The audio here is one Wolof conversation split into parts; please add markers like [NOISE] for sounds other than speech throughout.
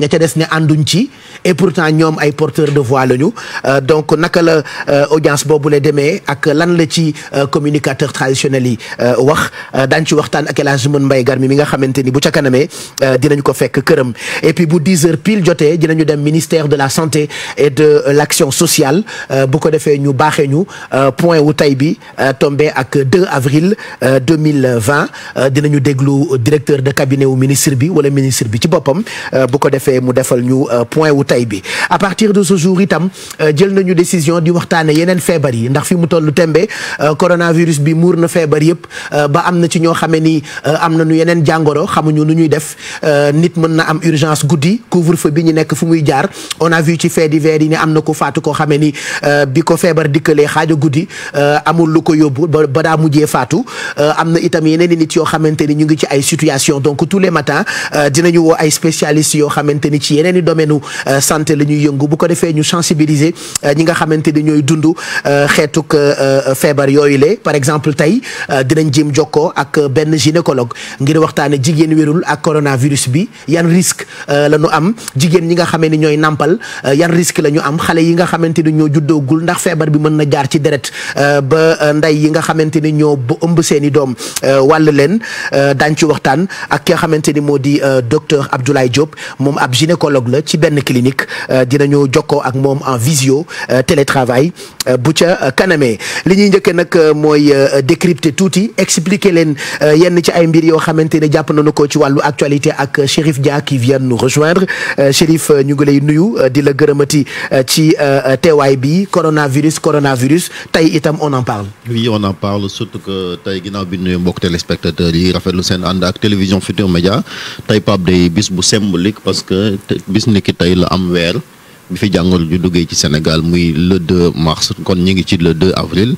ña ca des ne ànduñ ci et pourtant ñoom ay porteurs de voix lañu euh, donc naka la euh, audience boobu la demee ak lan la ci euh, communicateur traditionnel yi wax daañ ci waxtaan ak El Hadj mbay Garmi mi nga xamante ni bu ca kanamee dinañ ko fekk këram et bu 10 heures pile jotee dinañu dem ministère de la santé et de l'action sociale bu ko defee ñu baaxee ñu point wu tay bi tombé ak 2 avril 2020 dinañu déglu directeur de cabinet wu ministre bi wala ministre bi ci boppam bu ko defee defee mu defal ñu euh, point wu tay bi à partir de ce jour itam euh, jël nañu décision di waxtaane yeneen feebar yi ndax fi mu tollu tembe euh, coronavirus bi muur na feebar yëpp ba am na ci ñoo xamee ni am na nu yeneen jàngoro xamuñu nu ñuy def nit mën na am urgence guddi couvre-feu bi ñu nekk fu muy jaar on a vu ci faits yi ne am na ko faatu ko xamee ni bi ko feebar dikkalee xaaja guddi amul lu ko yóbbu ba daa mujjee faatu am na itam yeneen i nit yoo xamante ñu ngi ci xamante ni ci yeneeni i euh, santé la ñuy yëngu bu ko defee ñu sensibiliser euh, ñi nga xamante ni ñooy dund euh, xeetuk feebar yooyu le par exemple tey dinañ jéem jokkoo ak benn gynécologue ngir waxtaane jigéen wérul ak coronavirus bi yan risque la ñu am jigéen ñi nga xamee ni ñooy nampal yan risque la ñu am xale yi nga xamante ni ñoo juddoogul ndax feebar bi mën na jaar ci deret ba ndey yi nga xamante ni ñoo ëmb seeni doom wàll leen daañ ci waxtaan ak ki nga xamante ni moo di docteur Abdoulaye Diop moom ab gynécologue la ci benn clinique euh, dinañu jokkoo ak moom en visio euh, télétravail euh, bu ca kaname li ñuy njëkkee nag mooy décrypter tuuti expliquer leen yenn ci ay mbir yoo xamante ne jàpp nañu ko ci wàllu actualité ak Chérif Dia qui vient nous rejoindre Chérif ñu ngi lay nuyu di la gërëmati ci teewaay bi coronavirus coronavirus tey itam on en parle. oui on en parle surtout que tey ginnaaw bi nuyu mbokk téléspectateurs yi rafetlu seen ànd ak télévision Futur Média tey Pape day bis ni ki tey la am weer bi fi jàngoro ju duggee ci Sénégal muy le 2 mars kon ñu ngi ci le 2 avril.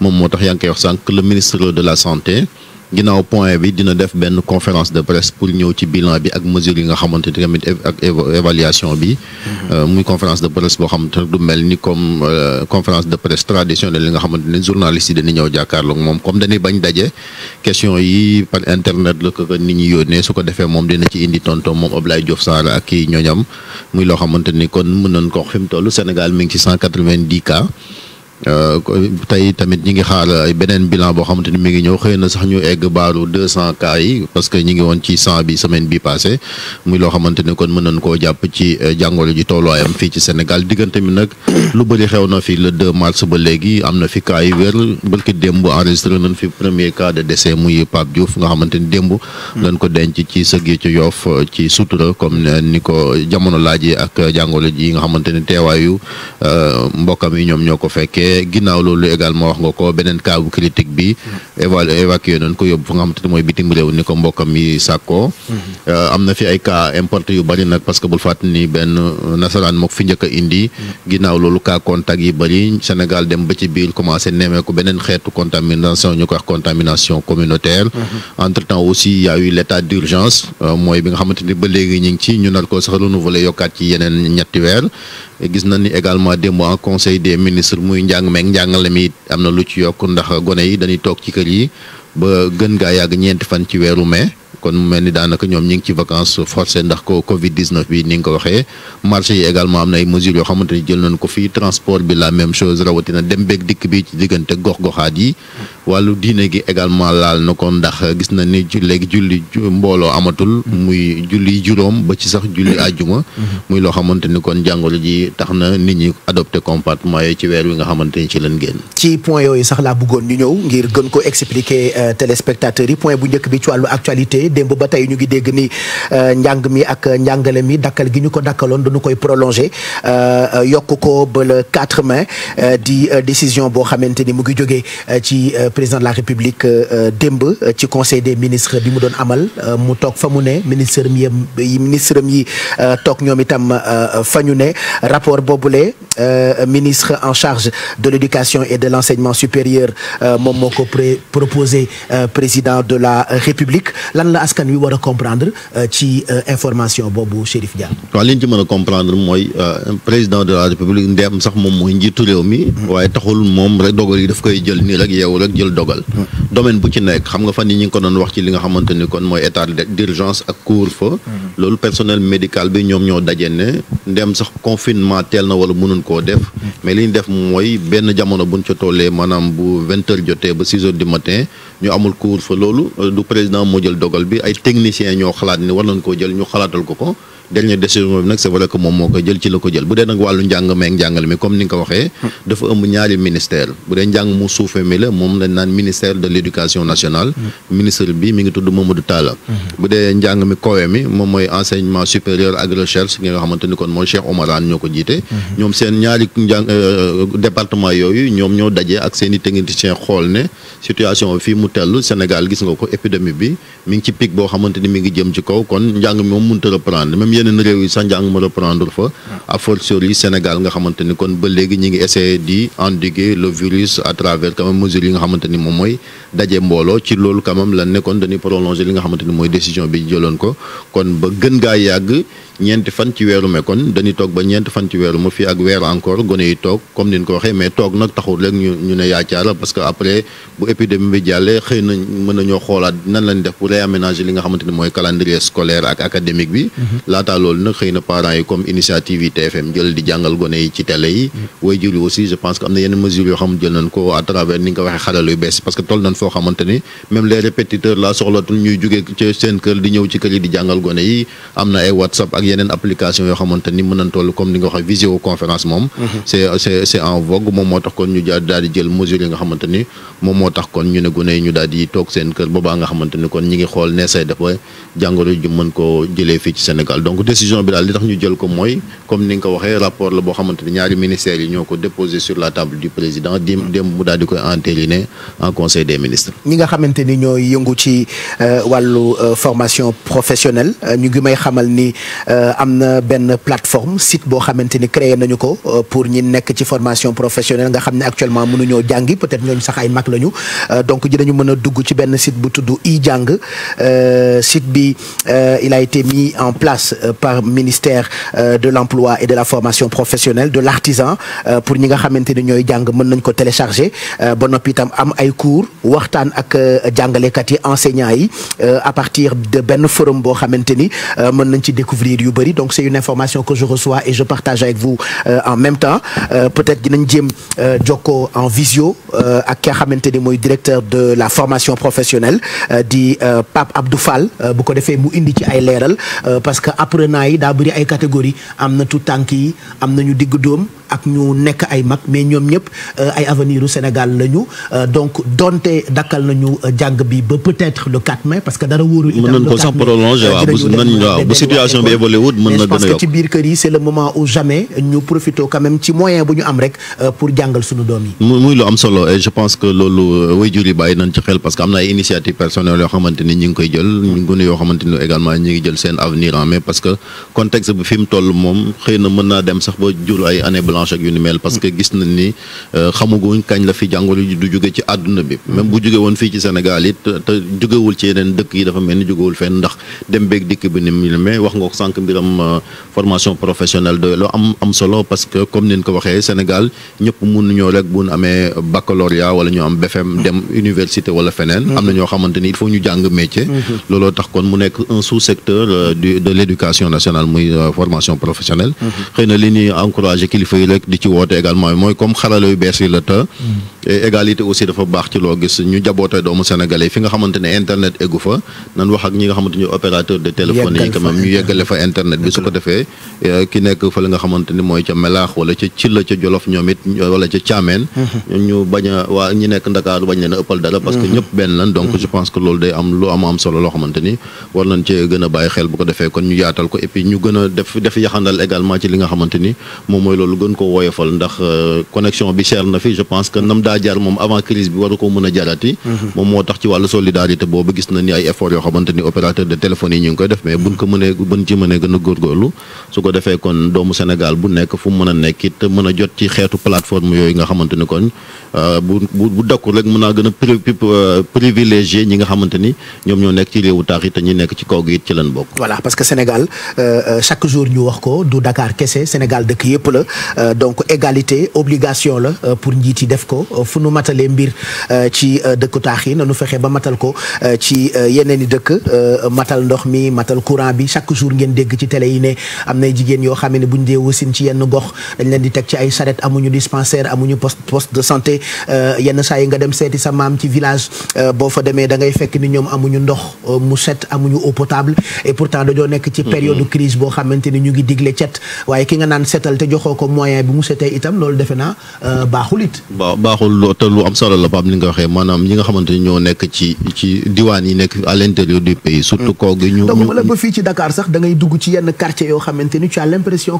moom moo tax yaa ngi koy wax sànq le ministre de la santé. ginnaaw point bi dina def benn conférence de presse pour ñëw ci bilan bi ak mesure yi nga xamante ni tamit ak évaluation bi. Mhm. Euh, muy conférence de presse boo xamante ne du mel ni comme euh, conférence de presse traditionnelle li nga xamante ne journaliste yi dañuy ñëw jàkkaarloog moom comme dañuy bañ daje question yi par internet la ko nit ñi yónnee su ko defee moom dina ci indi tonton moom Ablaye Diouf Sarr ak kii ñooñam muy loo xamante ni kon mën nañ ko wax fi mu toll Sénégal mi ngi ci cent quatre vingt Euh, tey tamit ñi ngi xaar beneen bilan boo xamante ni mi ngi ñëw xëy na sax ñu egg baaru deux cent cas yi parce que ñi ngi woon ci cent bi semaine bi passé muy loo xamante ni kon mën nañ koo jàpp ci euh, jàngoro ji tooluwaayam fii ci Sénégal diggante mi nag [CLEARS THROAT] lu bari xew na fi le 2 mars ba léegi am na fi cas yi wér bërki démb enregistré nañ fi premier cas de décès muy Pape Diouf nga xamante ni démb mm. lañ ko denc ci sëg yi ci Yoff euh, ci sutura comme ni ko jamono laajee ak jàngoro ji nga xamante ni teewaayu mbokkam yi ñoom ñoo ko fekkee waaye ginnaaw loolu également wax nga ko beneen cas bu critique bi évalué évacué nañ ko yóbbu fa nga xamante ne mooy bitim réew ni ko mbokkam yi sàkkoo mhm. euh, am na fi ay cas importé yu bari nag parce que bul fàttali ni benn nasaraan moo fi njëkk indi mhm. ginnaaw loolu cas contact yi bari Sénégal dem ba ci biir commencé nemmeeku beneen xeetu contamination ñu ko wax contamination communautaire mhm. entre temps aussi y a eu l'état d'urgence euh, mooy bi nga xamante ni ba léegi ñu ngi ci ñu nar ko sax renouveler yokkaat ci yeneen ñetti weer gis na ni également démb en conseil des ministres muy njàng meeg njàngale mi am na lu ci yokk ndax gone yi dañuy toog ci kër yi ba gën gaa yàgg ñeenti fan ci weeru mai kon mel ni daanaka ñoom ñi ngi ci vacances forcées ndax ko Covid 19 bi ni nga ko waxee marché yi également am na ay mesures yoo xamante ni jël nañ ko fii transport bi la même chose rawatina dem beeg dikk bi ci diggante gox-goxaat yi wàllu diine gi également laal na kon ndax gis na ni léegi julli mbooloo amatul. muy julli juróom ba ci sax julli àjjuma. muy loo xamante ni kon jàngoro ji tax na nit ñi adopté compartement yi ci weer wi nga xamante ni ci lañ génn. ci point yooyu sax laa bëggoon ñu ñëw ngir gën ko expliquer euh, téléspectateurs yi point bu njëkk bi ci wàllu actualité. ni démb ba tey ñu ngi dégg ni euh, njàng mi ak njàngale mi dakkal gi ñu ko dakkaloon dañu koy prolongé euh, yokk ko ba le 4 mai euh, di décision boo xamante ni mu ngi jógee ci président de la république démb ci conseil des ministres bi mu doon amal mu toog fa mu ne ministre yi ministre yi toog ñoom itam fa ñu ne rapport boobule ministre en charge de l'éducation et de l'enseignement supérieur moom moo ko proposé président de la république lan la la askan wi war a comprendre euh, ci euh, information boobu Chérif Dia. waaw li ñu ci mën a comprendre mooy euh, président de la république ndeem sax moom mooy njiitu réew mi. Mm. waaye taxul moom rek dogal yi daf koy jël nii rek yeewu rek jël dogal. Mm. domaine bu ci nekk xam nga fa yi ñu ko doon wax ci li nga xamante ni kon mooy état d'urgence ak couvre-feu. Mm. loolu personnel médical bi ñoom ñoo daje ne ndeem sax confinement teel na wala mënuñ koo def. mais li ñu def mooy benn jamono buñ ca tollee bu vingt heures jotee ba ñu amul couvre fa loolu euh, du président moo jël dogal bi ay techniciens ñoo xalaat ni war nañ koo jël ñu xalaatal ko ko dernière décision bi nag c'est vrai que moom moo ko jël ci la ko jël bu dee nag wàllu njàng meeg njàngale mi comme ni nga ko waxee dafa ëmb ñaari ministère bu dee njàng mi la moom lañ naan ministère de l'éducation nationale ministre bi mi ngi tudd mooy enseignement supérieur ak recherche nga xamante ni kon mooy Cheikh Omarane ñoo ko jiite ñoom seen ñaari njàng euh, yooyu ñoom ñoo dajee ak seen i technicien xool ne situation bi fii mu tellu Sénégal gis nga ko épidémie bi mi ngi ci pic boo xamante ni mi ngi jëm ci yeneen réew yi sax njàng hmm. nga xamante ni kon ba léegi ñi ngi essayer di endiguer le virus à travers quand même mesures yi nga xamante ni moom mooy daje mbooloo ci loolu quand même la nekkoon dañuy prolonger li nga xamante ni mooy décision bi jëloon ko kon ba gën gaa yàgg ñeenti fan ci weeru me kon dañuy toog ba ñeenti fan ci weeru ma fii ak weer encore gone yi toog comme ni ko waxee mais toog nag taxul rek ñu ñu ne yaacaara parce que après bu épidémie bi jàllee xëy na mën xoolaat nan lañ def pour réaménager li nga xamante ni mooy calendrier scolaire ak bi hmm. laataa loolu nag xëy na parents yi comme initiative yi TFM jël di jàngal gone yi ci télé yi way jur yi aussi je pense que am na yenn mesures yoo xam jël nañ ko à travers ni nga ko waxee xarala yu bees parce que toll nañ foo xamante ni même les répétiteurs la soxlatul ñuy jugee ci seen kër di ñëw ci kër yi di jàngal gone yi am na ay WhatsApp ak yeneen application yoo xamante ni mën nañ toll comme ni nga waxee visioconférence moom mm-hmm. c'est c'est en vogue moom moo tax kon ñu jaar moo tax kon ñu ne gone yi di toog seen kër boobaa nga xamante ni kon ñi ngi xool ne say def ba jàngoro ju mën koo jëlee fii ci donc décision bi daal li tax ñu jël ko mooy comme ni nga ko waxee rapport la boo xamante ne ñaari ministères yi ñoo ko déposé sur la table du président dem mu daal di koy entériné en conseil des ministres. ñi nga xamante ni ñooy yëngu ci euh, wàllu euh, formation professionnelle euh, ñu ngi may xamal ni am na benn plateforme site boo xamante ni nañu ko pour ñi nekk ci formation professionnelle nga xam ne actuellement mënuñoo jàngi peut-être ñooñu sax ay mag lañu donc dinañu a dugg ci benn site bu tudd i bi a été Euh, par ministère euh, de l'emploi et de la formation professionnelle de l'artisan euh, pour ñi nga xamante ni ñooy jàng mën nañ ko télécharger ba noppi itam am ay cours waxtaan ak jàngalekat yi enseignants yi à partir de benn forum boo xamante ni mën nañ ci découvrir yu bëri donc c'est une information que je reçois et je partage avec vous en même temps peut-être dinañ jéem jokkoo en visio ak ki nga xamante ni mooy directeur de la formation professionnelle di Pape Abdou Fall bu ko defee mu indi ci ay leeral apprenants yi daa bëri ay catégorie am na tout tànk yi am na ñu digg dóom ak ñu nekk ay mag mais ñoom ñëpp euh, ay avenir u Sénégal lañu euh, donc donte dakkal nañu euh, jàng bi ba peut-être le 4 mai parce que dara wóoru itam mën nañ ko sax bu situation bi évolué wut a yokk mais je pense que ci biir kër yi c'est le moment où jamais ñu profité quand ci moyen bu ñu am rek pour jàngal suñu doom yi. muy lu am solo et je pense que loolu waajur yi bàyyi nañ ci xel parce que am na ay initiative personnelle yoo xamante ni ñu ngi koy jël ñu gën yoo ni également ñu ngi jël seen avenir en mais parce que toll moom na mën naa dem sax ba jur ay mélange ak yu ni mel parce que gis nañ ni euh, xamuguñ kañ la fi jàngoro ji du jóge ci àdduna bi mm-hmm. même bu jóge woon fii ci Sénégal it te jógewul ci yeneen dëkk yi dafa mel ni jógewul fen ndax dem beeg dikk bi ni mu mais wax nga ko sànq mbiram euh, formation professionnelle de loo am am solo parce que comme ni ko waxee Sénégal ñëpp mun ñoo rek bu ñu amee baccalauréat wala ñu am BFM mm-hmm. dem université wala feneen am na ñoo xamante ni il faut ñu jàng métier mm-hmm. looloo tax kon mu nekk un sous-secteur euh, du de l'éducation nationale muy formation professionnelle xëy li ñuy encouragé léegi di ci woote également mooy comme xarala yu bees yi la te mm. égalité aussi dafa baax ci loo gis ñu jabootee doomu sénégalais fi nga xamante internet eggu fa nan wax ak ñi nga xamante ni opérateur de téléphone yi quand ñu yeggale euh, mhm. a waa ñi nekk ndakaaru bañ leen a ëppal dara parce que mhm. ñëpp benn lan donc mhm. je pense que loolu day am lu am am solo loo xamante ni war nañ cee gën a bàyyi xel bu ko defee kon ñu yaatal ko et ñu gën def yaxandal également ci li nga xamante ni moom mooy loolu gën ko woyofal ndax euh, connexion daa jaar moom avant crise bi waru ko mën a jaarati mhm. moom moo tax ci wàllu solidarité boobu gis na ni ay effort yoo xamante ni opérateur de téléphone yi ñu ngi koy def mais buñ ko mënee buñ ci mënee gën a góorgóorlu su ko defee kon doomu Sénégal bu nekk fu mën a nekk it mën a jot ci xeetu plateforme yooyu nga xamante ni kon Euh, bu bu bu dakkul rek mën naa gën a euh, privilégié ñi nga xamante ni ñoom ñoo nekk ci réewu taax yi te ñi nekk ci kaw gi it ci lañ bokk. voilà parce que Sénégal euh, chaque jour ñu wax ko du Dakar kese Sénégal dëkk yëpp la donc égalité obligation la pour njiit yi def ko fu nu matale mbir ci dëkku taax yi na nu fexe ba matal ko ci yeneen i dëkk matal ndox mi matal courant bi chaque jour ngeen dégg ci télé yi ne am nay jigéen yoo xam ne buñ dee wasin ci yenn gox dañ leen di teg ci ay charrette amuñu dispensaire amuñu poste ne euh, yenn saa nga dem seeti sa maam ci village euh, boo fa demee da ngay fekk ni ñoom amuñu ndox euh, mu set amuñu eau potable et pourtant dañoo nekk ci période mm-hmm. crise boo xamante ni ñu ngi digle cet waaye ki nga naan setal te joxoo ko moyen bi mu setee itam loolu defe naa baaxul it baaxul te lu am solo la Pape ni nga waxee ñoo nekk ci ci diwaan yi nekk à l'intérieur du pays surtout mm. koo gi ñu donc la ba ni tu as l'impression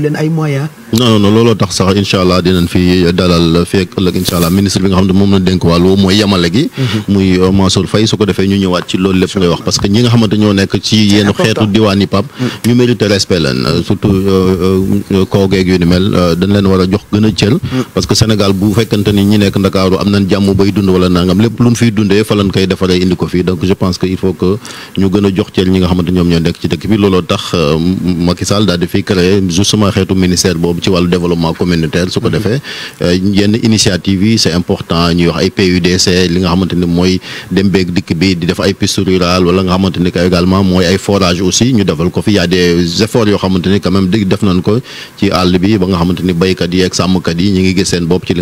leen ay moyens ya ah. non non looloo tax sax incha allah fi dalal fekk ëllëg incha ministre bi nga xam moom la dénk wàllu mooy yemale gi. Mhm. muy euh, Mansour Faye su ko defee ñu ñëwaat ci loolu lépp ngay wax parce que mm. ñu euh, euh, a a mm. nekk Ndakaaru am nañ jàmm bay dund wala nangam lépp luñ fiy dundee fa lañ koy defaree indi ko fii donc je pense que il faut que ñu gën a jox cër ñi nga xamante ñoom ñoo nekk ci dëkk bi looloo tax Macky Sall fi créer justement xeetu ministre ministère ci wàllu développement communautaire su ko mhm. defee euh, yenn initiative yi c'est important ñuy wax ay PUDC li nga xamante mooy dem beeg dikk bi di def ay piste rurale wala nga xamante ni également mooy ay forage aussi ñu defal ko fi y a des efforts yoo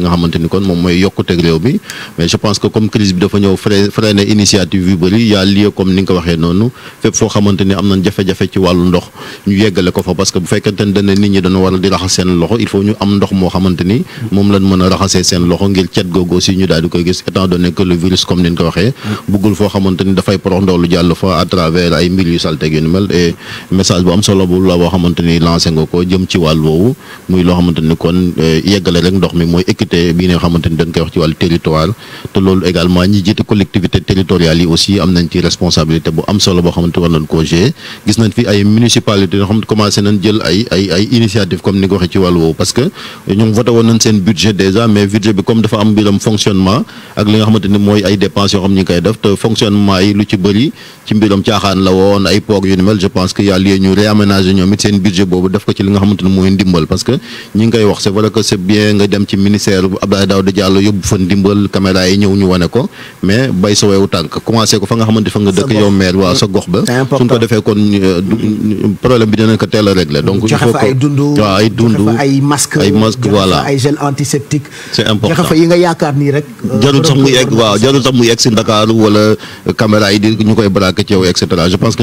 xamante kon moom mooy yokkuteeg réew mi mais je pense que comme crise bi dafa ñëw freiné initiative yu bëri y'a lieu comme ni nga waxee noonu fépp foo xamante am nañ jafe-jafe ci wàllu ndox di raxas seen loxo il faut ñu am ndox moo xamante ni moom lañ mën a raxasee seen loxo ngir cet googu aussi ñu daal di koy gis étant donné que le virus comme ni ñu ko waxee buggul foo xamante ni dafay porox ndox lu jàll fa à travers ay mbir yu salte ni mel et message bu am solo bu la boo xamante ni nga ko jëm ci wàll woowu muy loo xamante kon eh, yeggale rek ndox mi mooy équité bii nga xamante ni dañ koy wax ci wàllu territoire te loolu également ñi jiite collectivité territoriale yi aussi am nañ ci responsabilité bu am solo boo xamante war nañ ko gis nañ fi ay municipalité yoo xam commencé nañ jël ay ay ay comme ni nga ci wàllu woowu parce que ñoom voté woon seen budget déjà mais budget bi comme dafa am mbiram fonctionnement ak li nga xamante ni mooy ay dépenses yoo xam ñu ngi koy def te fonctionnement yi lu ci bëri ci mbiram caaxaan la woon ay poog yu ni mel je pense que y a ñu réaménager ñoom it seen budget boobu def ko ci li nga xamante ni mooy ndimbal parce que ñi ngi koy wax c'est vrai que c'est bien nga dem ci ministère Abdoulaye Daouda Diallo yóbbu fa ndimbal fay dund ay masque ay masque voilà ay gel antiseptique c'est important fa yi nga yaakaar nii rek euh, jarul sax muy egg si Ndakaaru wala caméra yi ñu koy braqué yow et cetera je pense que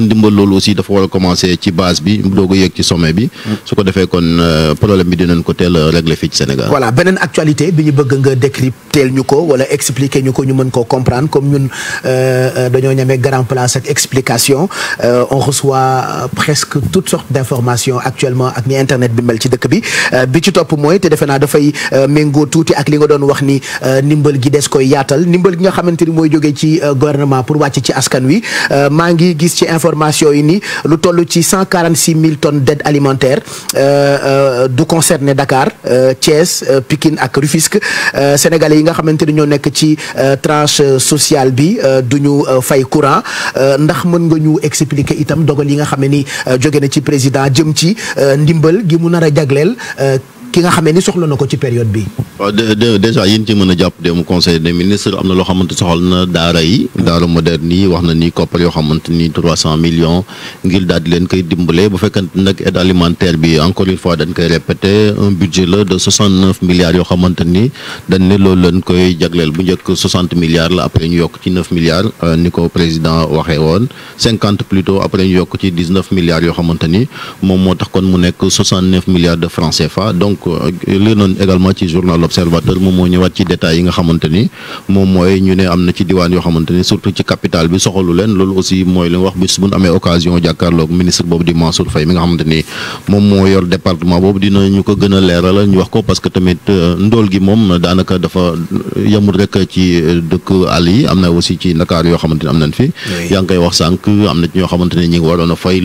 a a ko defee kon euh, problème bi dinañ ko teel a fii Sénégal beneen actualité bi ñu bëgg nga décrypter ñu ko wala expliquer ñu ko ñu mën koo comprendre comme ñun euh, dañoo ñamee grand place ak explication on reçoit presque toutes sortes d'informations actuellement ak ni internet bi mel dëkk bi euh, bi ci topp mooy te defe naa dafay euh, méngoo tuuti ak li nga doon wax ni euh, ndimbal gi des koy yaatal ndimbal gi nga xamante ni mooy jógee ci gouvernement pour wàcc ci askan wi maa ngi gis ci information yi ni lu toll ci cent quarante six mille tonnes d'aide alimentaire du concerné Dakar Thiès Pikine ak Rufisque sénégalais yi nga xamante ni ñoo nekk ci tranche sociale bi du ñu fay courant ndax mën nga ñu expliquer itam dogal yi nga xam ni jóge na ci président jëm ci ndimbal gi mu nar a jagleel euh, ki nga xamee ni soxla na ko ci période bi déjà yéen ci mën a jàpp dem conseil des ministres am na loo xamante soxal na daara yi daara moderne yi wax na ni koppar yoo xamante ni trois cent millions ngir daal di leen koy dimbale bu fekkante nag aide alimentaire bi encore une fois dañ koy répété un budget la de milliards yoo xamante ni dañ ne loolu koy jagleel bu njëkk soixante milliards la après ñu yokk ci neuf milliards euh, ni ko président waxee woon cinquante plutôt après ñu yokk ci dix yoo xamante ni moom moo tax kon mu nekk soixante neuf milliards de francs lii nañ également ci journal L'Observateur moom moo ñëwaat ci mooy ñu ne am na ci diwaan yoo xamante surtout ci capital bi soxalu leen loolu aussi mooy li wax bis bu ñu amee occasion jàkkaarloog ministre boobu di Mansour Faye mi nga xamante moom moo yor département boobu dina ñu ko gën a leeralal ñu wax ko parce tamit euh, ndóol gi moom daanaka dafa yemul rek ci dëkk àll yi am na aussi ci Ndakaar yoo xamante am nañ fi yaa ngi koy wax sànq am na ñoo xamante a fay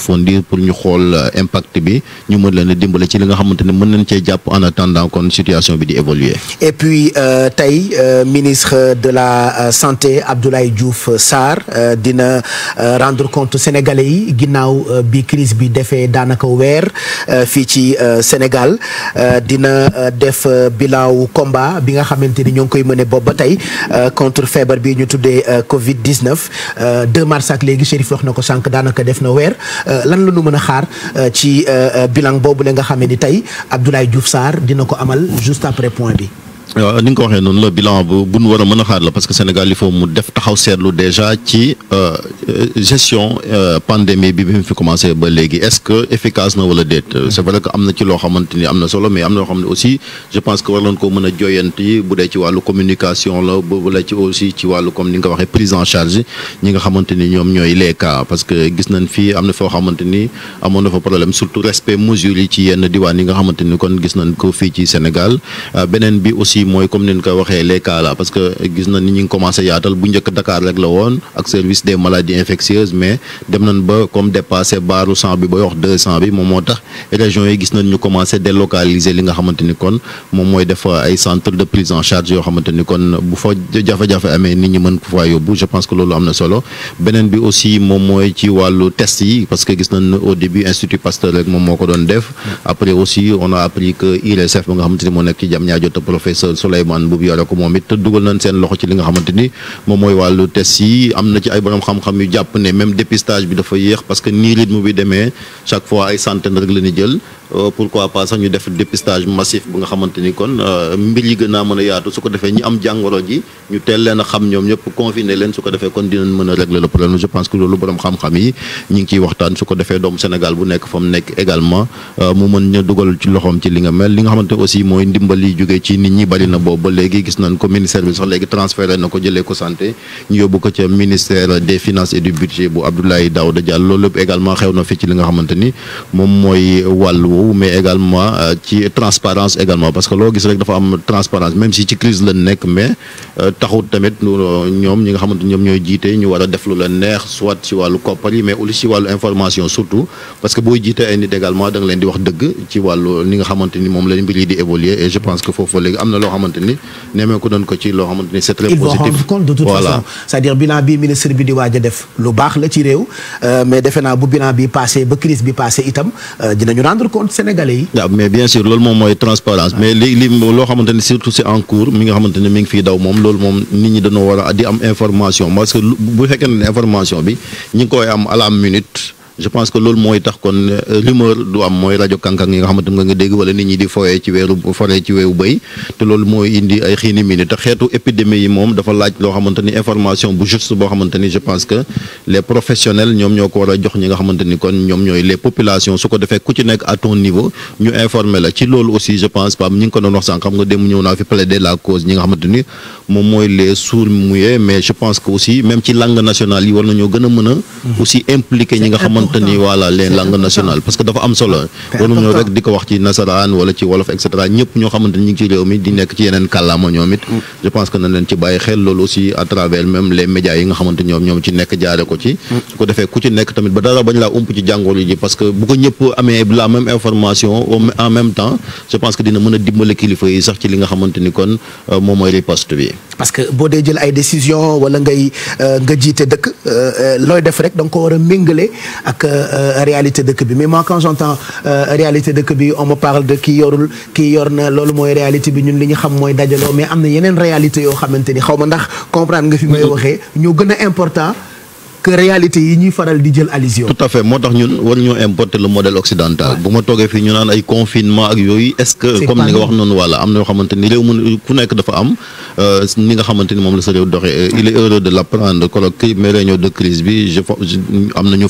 approfondir pour ñu xool euh, impact bi ñu mën leen a dimbale ci li nga xamante ne mën nañ cee jàpp en attendant kon situation bi di évoluer. et puis euh, tey euh, ministre de la santé Abdoulaye Diouf Sarr dina rendre compte sénégalais yi ginnaaw bi crise bi defee daanaka weer fii ci Sénégal dina def bilan combat bi nga xamante ni ñoo ngi koy mëne bopp ba tey contre feebar bi ñu tuddee Covid 19 2 mars ak léegi Chérif wax na ko sànq daanaka def na weer. Euh, lan la ñu mën a xaar euh, ci euh, bilan boobu la nga xamee ni tey Abdoulaye Diouf Sarr dina ko amal juste après point bi. waaw euh, ni nga ko waxee noonu la bilan bu bu nu war a mën a xaar la parce que Sénégal il faut mu def taxaw seetlu déjà ci euh, euh, gestion pandémie bi bi mu fi commencé ba léegi est-ce que efficace na wala déet. c'est vrai que am na ci loo xamante ni am na solo mais am na loo ne aussi je pense que war nañ ko mën a joyanti bu dee ci wàllu communication la wàllu comme ni nga ko waxee prise en charge nga xamante ni ñoom ñooy les cas parce que gis nañ fii am na foo xamante ni amoon na fa problème surtout respect mesures yi ci yenn diwaan yi nga xamante ni kon gis nañ ko fi ci Sénégal beneen bi aussi. ci mooy comme ni ñu ko waxee les cas parce que gis na ni ñu ngi yaatal bu njëkk Dakar rek la woon ak service des maladies infectieuses mais dem nañ ba comme dépassé baaru cent bi centre de charge yoo xamante kon bu fa jafe-jafe amee nit ñi mën ko faa yóbbu je que loolu am na solo beneen bi aussi moom mooy ci wàllu test yi parce que gis nañ au début institut Pasteur rek moom moo ko doon def après aussi on a appris que IRSF ba Souleymane Mbuub yore moom it dugal nañ seen loxo ci li nga xamante ni mooy wàllu test yi am na ci ay borom xam-xam yu jàpp ne même dépistage bi dafa yéex parce que nii rythme bi demee chaque fois ay centaine rek la ñu jël euh, pourquoi pas ñu def dépistage massif bu nga xamante kon euh, mbir yi gën naa mën a yaatu su ko defee ñi am jàngoro ji ñu teel a xam ñoom ñëpp confiné leen su ko defee kon dinañ mën a régler le problème je que loolu borom bari na boobu ba léegi gis nañ ko ministère bi sax léegi transféré na ko jëlee ko santé ñu yóbbu ko ca ministère des finances et du budget bu Abdoulaye Daouda Diallo loolu lépp également xew na fi ci euh, crise lañ nekk mais euh, taxut tamit euh, ñoom ñi nga xamante ñoom ñooy jiite ñu war a def lu la neex soit ci wàllu koppar yi mais aussi ci wàllu information surtout parce que booy jiite ay nit également da leen di wax dëgg ci wàllu ni nga xamante moom la mbir xamante ni nemmeeku nañ ko ci loo xamante c'est très positif. ils bi ministre bi di waaj def lu baax la ci réew euh, mais defe naa bu bilan bi passé ba crise bi passé itam euh, dinañu rendre compte sénégalais yi. waaw mais bien sûr loolu moom mooy transparence mais loo xamante surtout si en cours mi nga xamante ni ngi fiy daw moom loolu moom nit ñi dañoo war a di am information parce que bu fekkee ne information bi ñi koy am à la je pense que loolu mooy tax kon rumeur euh, du am mooy rajo kankang yi nga xamante nga nga dégg wala nit ñi di foyee ci weeru foree ci weewu béy te loolu mooy indi ay xiini mini te xeetu épidémie yi moom dafa laaj loo xamante information bu juste boo xamante je pense que les professionnels ñoom ñoo ko war a jox ñi nga xamante ni kon ñoom ñooy les populations su ko defee ku ci nekk à ton niveau ñu informer la ci loolu aussi je pense pam ñi nga démb ñëw ni voilà les langues nationales parce que dafa am solo waruñu rek di ko wax ci nasaraan wala ci wolof et cetera ñoo xamante ni ci réew mi di nekk ci yeneen kàllaama ñoom it mm. je pense que nañ leen ci bàyyi xel loolu aussi à travers même les médias yi nga xamante ñoom ñoom ci nekk jaare ko ci mm. su ko defee ku ci nekk tamit ba dara bañ laa ump ci jàngoor ji parce que bu ko ñëpp amee la même information en même temps je pense que dina mën a dimbale parce que boo dee jël ay décision wala ngay euh, nga jiite dëkk euh, euh, looy def rek danga nga ko war a méngale ak réalité dëkk bi mais moi quand j'entends réalité dëkk bi on ma parle de kii yorul kii yor na loolu mooy réalité bi ñun li ñu xam mooy dajaloo mais am na yeneen réalité yoo xamante ni xaw ma ndax comprendre nga fi may waxee ñoo gën a important que réalité yi ñuy faral di jël allusion. tout à fait moo tax ñun war ñoo importer le modèle occidental. bu ma toogee fi ñu naan ay confinement ak yooyu. est-ce que comme ni nga wax noonu walla am na yoo xamante ni réew mu ku nekk dafa am euh, ni nga xamante ni moom la sa réew doxee il est heureux de l'apprendre colloque mais réunion de crise bi je am na ñu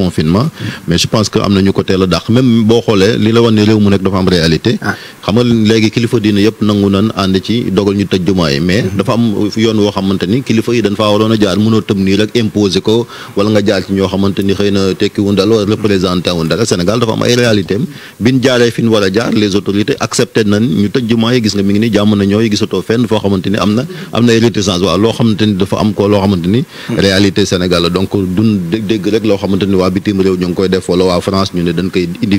confinement mm. mais je que am na ñu ko teel a dàq boo xoolee li la wan ne réew mu nekk dafa am réalité. Ah. xam nga léegi kilifa diine yëpp nangu nan ànd ci dogal ñu tëj jumaa yi mais mhm. dafa am yoon woo xamante ni kilifa yi dañ faa waroon a jaar mënoo tëb nii rek imposer ko wala nga jaar ci ñoo xamante xëy na tekki wu ndal wala représenté wu ndal Sénégal dafa am ay réalité am biñ jaaree fi ñu war a jaar les autorités accepté nañ na ñooy gisatoo fenn foo xamante ni am na am na ay réticence waaw loo xamante ni dafa am ko loo xamante ni mhm. réalité Sénégal la donc dun dégg rek loo xamante waa bitim réew ñu ngi koy def wala waa France ñu ne dañ koy indi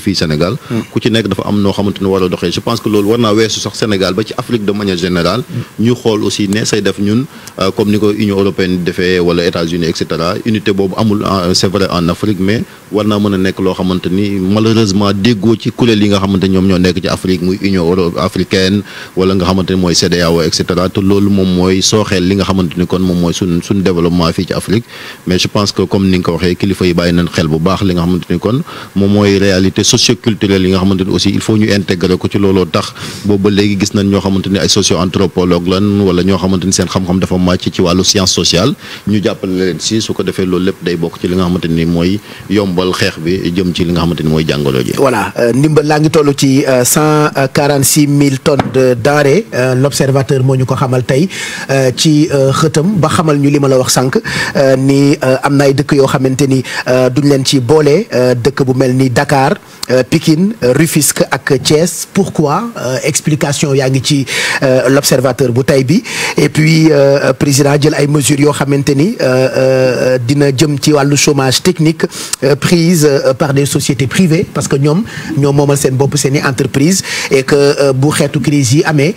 pense que loolu war weesu sax Sénégal ba ci Afrique de manière générale ñu xool aussi ne say def ñun euh, comme ni ko Union européenne defee wala États-Unis et cetera boobu amul euh, c'est en Afrique mais war mën a nekk loo xamante malheureusement déggoo ci kuréel yi nga xamante ñoom ñoo nekk ci Afrique muy Union euro africaine wala nga xamante mooy CEDEAO et te loolu moom mooy sooxeel li nga xamante kon moom mooy suñ développement fii ci Afrique mais je looloo tax booba léegi gis nañ ñoo xamante ni ay socio anthropologue lan wala ñoo xamante ni seen xam-xam dafa màcc ci wàllu science sociale ñu jàppale leen si su ko defee loolu lépp day bokk ci li nga xamante ni mooy yombal xeex bi jëm ci li nga xamante ni mooy jàngoro ji. voilà euh, ndimbal laa ngi tollu ci euh, cent quarante six mille tonnes de denrées euh, l'observateur moo ñu ko xamal tey ci xëtam ba xamal ñu li ma la wax sànq ni am na ay dëkk yoo xamante ni duñ leen ci boole dëkk bu mel ni Dakar. Euh, Pikine euh, Rufisque ak Thiès pourquoi euh, explication yaa ngi ci l'observateur bu tey bi et puis président jël ay mesures yoo xamante ni dina jëm ci wàllu chômage technique prise par des sociétés privées parce que ñoom ñoo moomal seen bopp seen i entreprise et que bu xeetu crise yi amee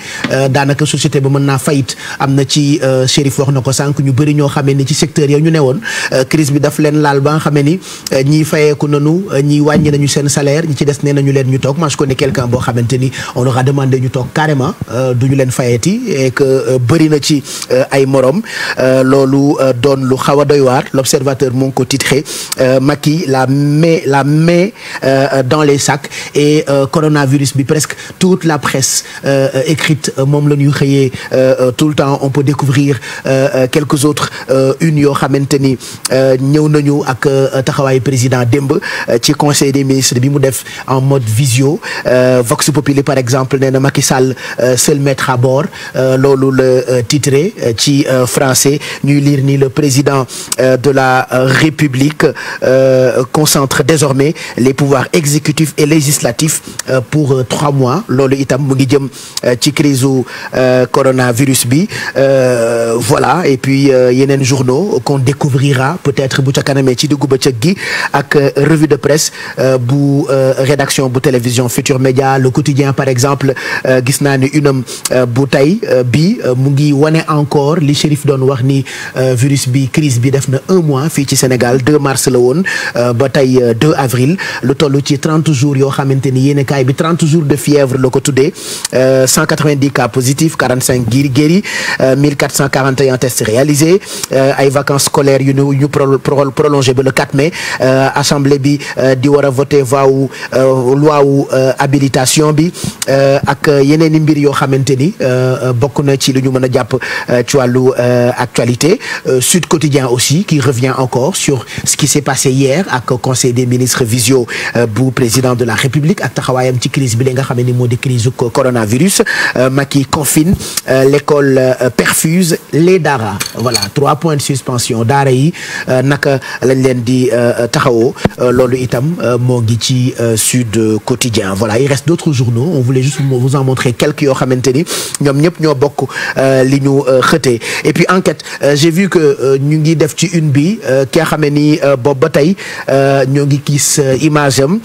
daanaka société ba mën naa fayit am na ci Chérif wax na ko sànq ñu bëri ñoo xamee ni ci secteur ya ñu woon crise bi daf leen laal ba nga xamee ni ñii fayeeku nanu ñii wàññi nañu seen salaire salaire ñi ci des nee leen ñu toog man je connais quelqu'un boo xamante ni on leur demandé ñu toog carrément euh, du ñu leen fayati et que euh, bëri na ci euh, ay morom loolu doon lu xaw a doy waar l'observateur mu ngi ko titré Macky la met la met dans les sacs et coronavirus bi presque toute la presse écrite moom la ñuy xëyee tout le temps on peut découvrir quelques autres unes yoo xamante ni ñëw nañu ak taxawaay président démb ci conseil des ministres bi mu def en mode visio euh, Vox Populi par exemple nee na Macky Sall euh, seul maître à bord euh, loolu la titre ci français ñuy lire ni le président de la République concentre désormais les pouvoirs exécutifs et législatifs pour trois mois loolu itam mu ngi jëm ci crise u coronavirus bi voilà et puis yeneen journaux qu'on découvrira peut-être bu ca kanamee ci diggu bëccëg gi ak revue de presse bu Euh, rédaction bu télévision Futur Média le quotidien par exemple euh, gis naa ni unam euh, bu tey bi mu ngi wane encore li Chérif doon wax ni virus bi crise bi def na un mois fii ci Sénégal 2 mars la woon ba tey 2 avril lu toll ci 30 jours yoo xamante ni yéen kaay bi 30 jours de fièvre la ko tuddee 190 cas positifs 45 guéris guéris 1441 tests réalisés ay vacances scolaires yu ñu prolongé ba le 4 mai assemblée bi di war a voté Euh, wu abilitation euh, wu habilitation bi euh, ak yeneen i mbir yoo xamante ni bokk na ci lu ñu mën a jàpp ci wàllu actualité Sud Quotidien aussi qui revient encore sur ce qui s'est passé hier ak conseil de ministre visio bu président de la République ak taxawaayam ci crise bi li nga xam ni moo di crise coronavirus Macky confine l'école perfuse les daara voilà trois points de suspension daara yi naka lañ leen di taxawoo loolu itam moo ci Euh, Sud euh, Quotidien voilà il reste d'autres journaux on voulait juste vous en montrer quelques yoo xamante ni ñoom ñëpp ñoo bokk euh, li ñu xëtee et puis enquête j'ai vu que ñu ngi def ci une bi ki nga xam ne ni boobu ba tey ñoo ngi gis image am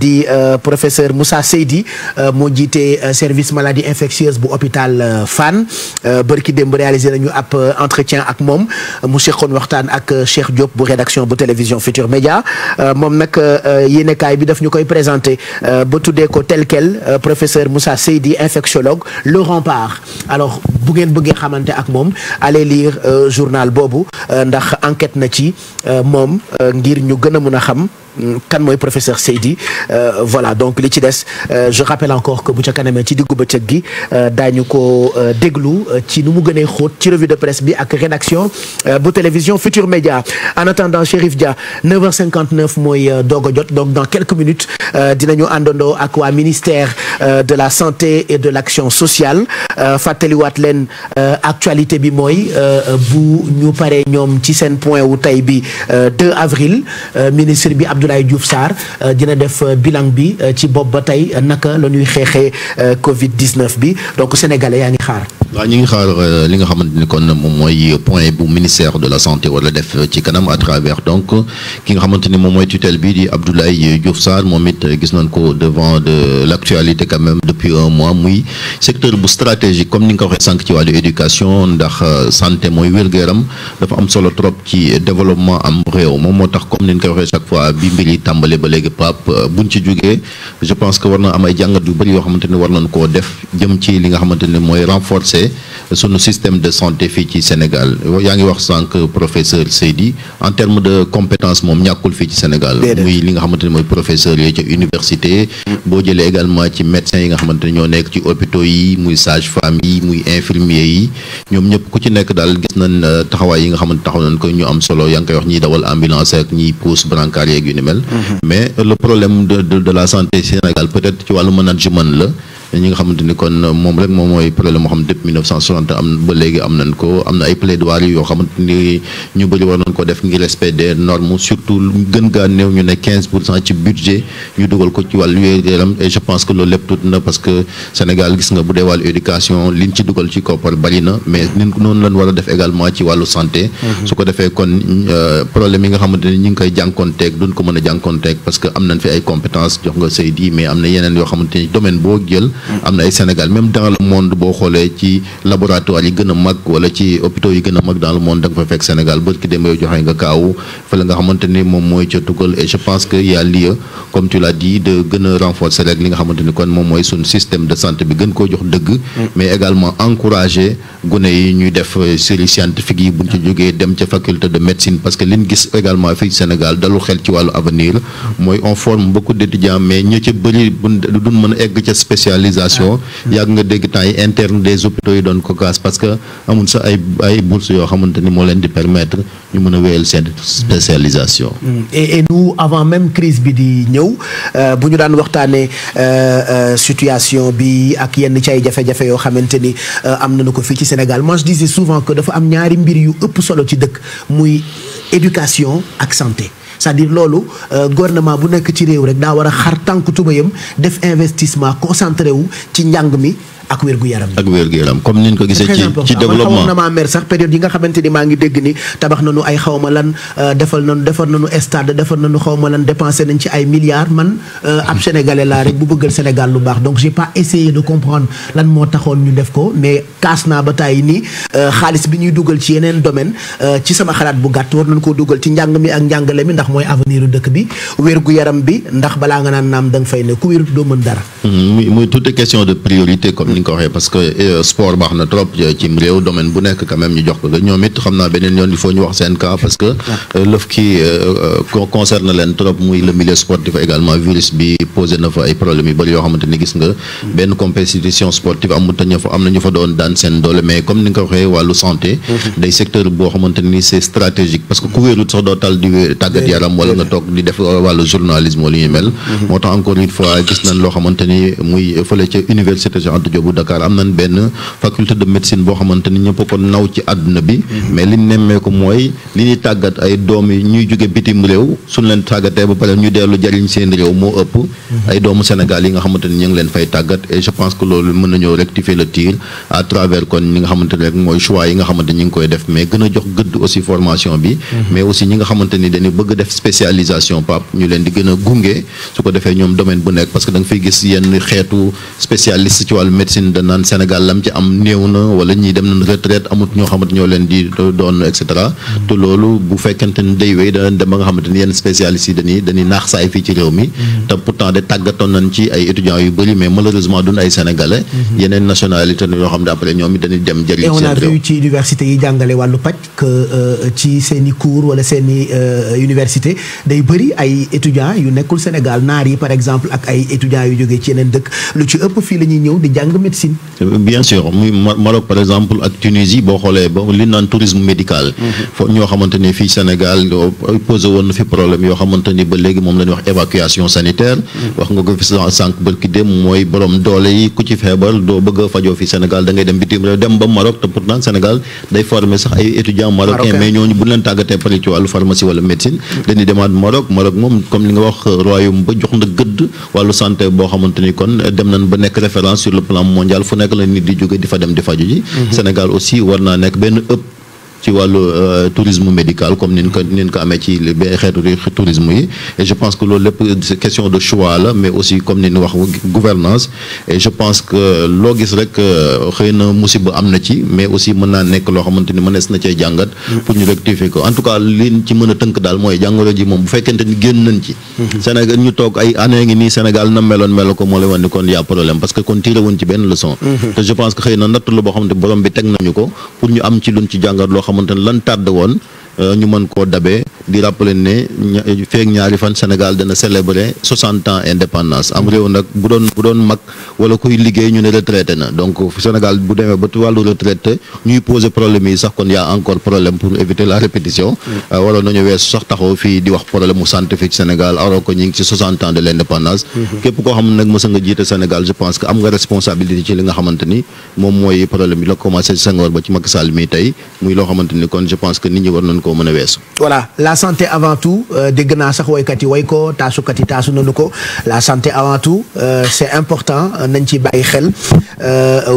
di professeur Moussa Seydi moo jiite service maladie infectieuse bu hôpital Fann bërki démb na ñu ab entretien ak moom mu kon waxtaan ak Cheikh Diop bu rédaction bu télévision Futur Média moom nag yéenekaay bi daf ñu koy présenté euh, ba tuddee ko tel quel euh, professeur Moussa Seydi infectiologue le rempart alors bu ngeen bëggee xamante ak moom allez lire euh, journal boobu ndax enquête na ci moom ngir ñu gën a mën a xam kan mooy professeur Seydi euh, voilà donc li ci des euh, je rappelle encore que bu ca kanamee ci diggu bëccëg gi euh, daañu ko déglu ci nu mu gëne xóot ci revue de presse bi ak rédaction bu télévision Futur Média en attendant Chérif Dia 9 h mooy doog a jot donc dans quelques minutes dinañu àndandoo ak waa ministère de la santé et de l'action sociale fàttaliwaat leen actualité bi mooy bu ñu paree ñoom ci seen point wu tey bi 2 avril ministre bi Abdoulaye Diouf Sarr euh, dina def euh, bilan bi euh, ci bopp ba tey naka la ñuy xeexee Covid 19 bi donc sénégalais yaa ngi xaar. waaw ñu ngi xaar li nga xamante ni kon moom mooy point bu ministère de la santé wala def ci kanam à travers donc ki nga xamante ni moom mooy tutelle bi di Abdoulaye Diouf Sarr moom it gis nañ ko devant de l' actualité quand même depuis un mois muy secteur bu stratégique comme ni nga ko waxee sànq ci wàllu éducation ndax santé mooy wér-gu-yaram dafa am solo trop ci développement am réew moom moo tax comme ni bi mbir yi ba léegi Pape euh, buñ ci jógee je pense que war na am ay jàngat yu bëri yoo xamante ne war nañ koo def jëm ci li nga xamante ne mooy renforcer sunu système de santé fii ci Sénégal yaa ngi wax sànq professeur Seydi en terme de compétence moom ñàkkul fii ci Sénégal muy li nga xamante ne mooy professeur yooyu ca université boo jëlee également ci médecins yi nga xamante ne ñoo nekk ci hôpitaux yi muy sage-femme yi muy infirmier yi ñoom ñëpp ku ci nekk daal gis nañ euh, taxawaay yi nga xamante taxaw nañ ko ñu am solo yaa ngi koy wax ñiy ni mel mais le problème de de de la santé Sénégal peut-être ci wàllu management la ñi nga xamante ni kon moom rek moom mooy problème moo xam depuis 1960 am ba léegi am nañ ko am na ay plaidoiries yoo xamante ni ñu bëri war nañ ko def ngir respect des normes surtout gën gaa new ñu ne 15 pour cent ci budget ñu dugal ko ci wàllu wér gu et je pense que loolu lépp tuuti na parce que Sénégal gis nga bu dee wàllu éducation liñ ci dugal ci koppar bari na mais nin noonu lañ war a def également ci wàllu santé. Mm-hmm. su ko defee kon euh, problème yi nga xamante ni ñu ngi koy jànkoonteeg duñ ko mën a jànkoonteeg parce que am nañ fi ay compétences jox nga say na yeneen xamante ni domaine boo jël. am na ay Sénégal même dans le monde boo xoolee ci laboratoire yi gën a mag wala ci hôpitaux yi gën a mag dans le monde da nga fa fekk Sénégal bët ki dem yow joxe nga kaaw fële nga xamante ni moom mooy ca Tugal pense que y a lieu comme tu l'as dit de gën ni kon moom mooy suñu système de santé bi gën koo jox dëgg. Mm. mais également encourager gune yi ñuy def série scientifique yi bu buñ ci mm. jógee dem ca faculté de médecine parce que liñ gis également fii Sénégal dalu xel ci wàllu avenir mm. mooy on forme beaucoup d'étudiants mais ñi ci bëri duñ mën a egg hospitalisation ah. yàgg nga dégg temps yi interne des hôpitaux yi doon ko kaas parce que amul sax ay ay yoo xamante ni moo leen di permettre ñu mën a wéyal seen spécialisation mm. Mm. et et avant même crise bi di ñëw euh, bu ñu daan waxtaanee euh, euh, situation bi ak yenn ci ay jafe-jafe yoo xamante ni am na ko fii ci Sénégal moi je disais souvent que dafa am ñaari mbir yu ëpp solo ci dëkk muy éducation ak santé c'est-à-dire loolu euh, gouvernement bu nekk ci réew rek daa war a xar tànk tubéyam def investissement concentré wu ci njàng mi ak wér gu yaram. ak wér gu comme ni ñu ko gisee. ci ci ah, développement man xawoon na maa mer sax période yi nga xamante ni maa ngi dégg ni tabax nañu ay xaw ma lan euh, defal nañu defar nañu stade defar nañu xaw ma lan dépensé nañ ci ay milliards man euh, ab sénégalais laa rek bu bëggal Sénégal lu baax donc j'ai pas essayé de comprendre lan moo taxoon ñu def ko mais taas naa ba tàyyi nii euh, xaalis bi ñuy dugal ci yeneen domaine ci sama xalaat bu gàtt war nañu koo dugal ci njàng mi ak njàngale mi ndax mooy avenir dëkk bi wér yaram bi ndax balaa nga naan naam da fay ne ku wér doo mën dara. muy muy toute question de ni nga parce que euh, sport baax na trop euh, cim réew domaine bu nekk quand ñu jox ko ñoom it xam naa beneen yoon il faut ñu wax seen cas parce que euh, lëf ki concerne leen trop muy le milieu sportif également virus bi posé na fa ay problèmes yu bëri yoo xamante gis nga mm. benn compétition sportive am na ñu fa doon daan seen doole mais comme ni nga waxee wàllu santé mm-hmm. day secteur boo xamante c'est stratégique parce que ku wéerut sax doo tal di tàggat yaram wala bu Dakar am nañ benn faculté de médecine boo xamante ni ko naw ci àdduna bi mm-hmm. mais li nemmee ko mooy li ñuy tàggat ay doom yi ñuy jóge bitim réew suñ leen tàggatee ba pare ñu dellu jariñ seen réew moo ëpp mm-hmm. ay doomu Sénégal yi nga xamante ni ñu ngi le tir à travers kon ñi nga xamante ni rek mooy koy def mais gën a jox gëdd aussi formation bi mm-hmm. mais aussi ñi nga xamante ni bëgg def spécialisation pap ñu leen di gën a gunge su ko defee ñoom domaine bu nekk parce que da nga gis yenn xeetu spécialiste si ne danaan Sénégal lam ci am néew na wala ñi dem nañ retraite amut ñoo xamante ñoo leen di doon et te loolu bu fekkente ni day wéy dana dem nga xamante yenn spécialistes yi dañuy dañuy naax saay fii ci réew mi te pourtant de tàggatoon nañ ci ay étudiants yu bëri ay sénégalais mhm. a i euh, cours wala seen i euh, université day yu nekkul Sénégal naar yi par exemple ak ay étudiants yu jógee ci yeneen dëkk lu ci ëpp fii la ñëw di jàng wàllu médecine. bien sûr muy Maroc par exemple ak Tunisie boo xoolee ba li naan tourisme médical. Mhm. foofu ñoo xamante ni Sénégal posé woon fi problème yoo xamante ba léegi moom la wax évacuation sanitaire. Mhm. wax nga ko fi sànq bërki dem mooy borom doole yi ku ci feebar doo bëgg a fajoo fi Sénégal da dem bitim réew dem ba Maroc te pourtant Sénégal day former sax ay étudiants marocains mais ñooñu bu leen tàggatee pare ci wàllu pharmacie wala médecine. Mhm. mondial fu nekk la nit di jóge di fa dem di faju ji mhm. Sénégal aussi war naa nekk benn ëpp ci wàllu euh, tourisme médical comme ni ñu ko ni ko amee ci xeetu tourisme yi et je pense que loolu lépp question de choix la mais aussi comme ni wax gouvernance et je pense que loo gis rek euh, xëy na musiba am na ci mais aussi mën naa nekk loo xamante ni mënees na cee jàngat pour ñu rectifier ko en tout cas liñ ci mën a tënk daal mooy jàngoro moom bu fekkente ni génn nañ ci mhm. ñu toog ay année ngi nii Sénégal na meloon melo ko moo lay wan ni kon y'a problème xamante ne lan tàdd woon Euh, ñu mën ko dabee di rappeler ne feek ñaari fan Sénégal dana célébrer soixante ans indépendance am réew nag bu doon bu doon mag wala kuy liggéey ñu ne retraité na donc Sénégal bu demee ba wàllu retraité ñuy poser problème yi sax kon y'a encore problème pour éviter la répétition mm. euh, waroon nañu weesu sax taxaw fii di wax problème mu santé fii Sénégal alors que ci soixante ans de l'indépendance mm-hmm. képp koo xam nag mës nga jiite Sénégal je pense que am nga responsabilité koo mën a weesu. voilà la santé avant tout euh, dégg naa sax woykat yi woy ko taasukat yi taasu nañu ko la santé avant tout euh, c'est important nañ ci bàyyi xel. Euh,